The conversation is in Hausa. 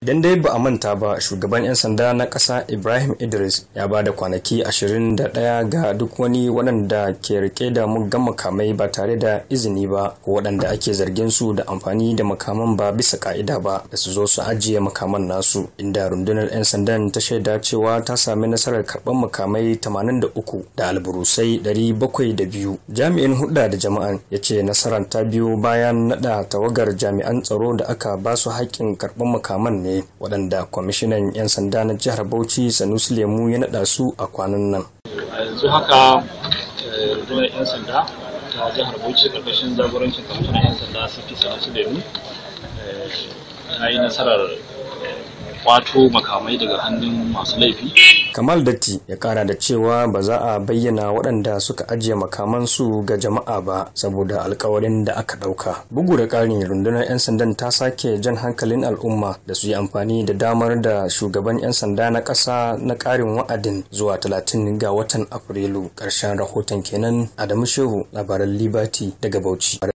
Idan dai ba a manta ba shugaban 'yan sanda na ƙasa Ibrahim Idris ya ba da kwanaki 21 ga duk wani waɗanda ke rike da muggan makamai ba tare da izini ba ko waɗanda ake zargin su da amfani da makaman ba bisa ka'ida ba da su zo su ajiye makaman nasu inda rundunar 'yan sandan ta shaida cewa ta sami nasarar karɓar makamai 83 da alburusai 702. Jami'in hudda da jama'an ya ce nasarar ta biyo bayan naɗa tawagar jami'an tsaro da aka ba su haƙƙin karɓar makaman ne ne waɗanda kwamishinan 'yan sanda na jihar bauchi sanusi lemu ya naɗa su a kwanan nan yanzu haka eh, rundunar 'yan sanda ta jihar bauchi ƙarƙashin jagorancin kwamishinan 'yan sanda cp sanusi lemu eh, ta yi nasarar eh, kwato makamai daga hannun masu laifi. Kamal Datti ya kara da cewa ba za a bayyana waɗanda suka ajiye makamansu ga jama'a ba saboda alkawarin da aka ɗauka. Bugu da ƙari rundunar 'yan sandan ta sake jan hankalin al'umma da su yi amfani da damar da shugaban 'yan sanda na ƙasa na ƙarin wa'adin zuwa talatin ga watan Afrilu. Ƙarshen rahoton kenan Adamu Shehu labaran Libati daga Bauchi.